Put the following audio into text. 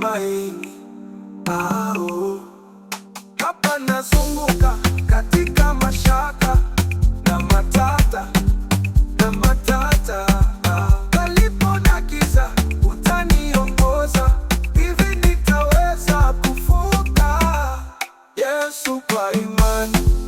tumaini pao. Hapa nazunguka katika mashaka na matata na matata, palipo na utaniongoza. Hivi nitaweza kuvuka? Yesu, kwa imani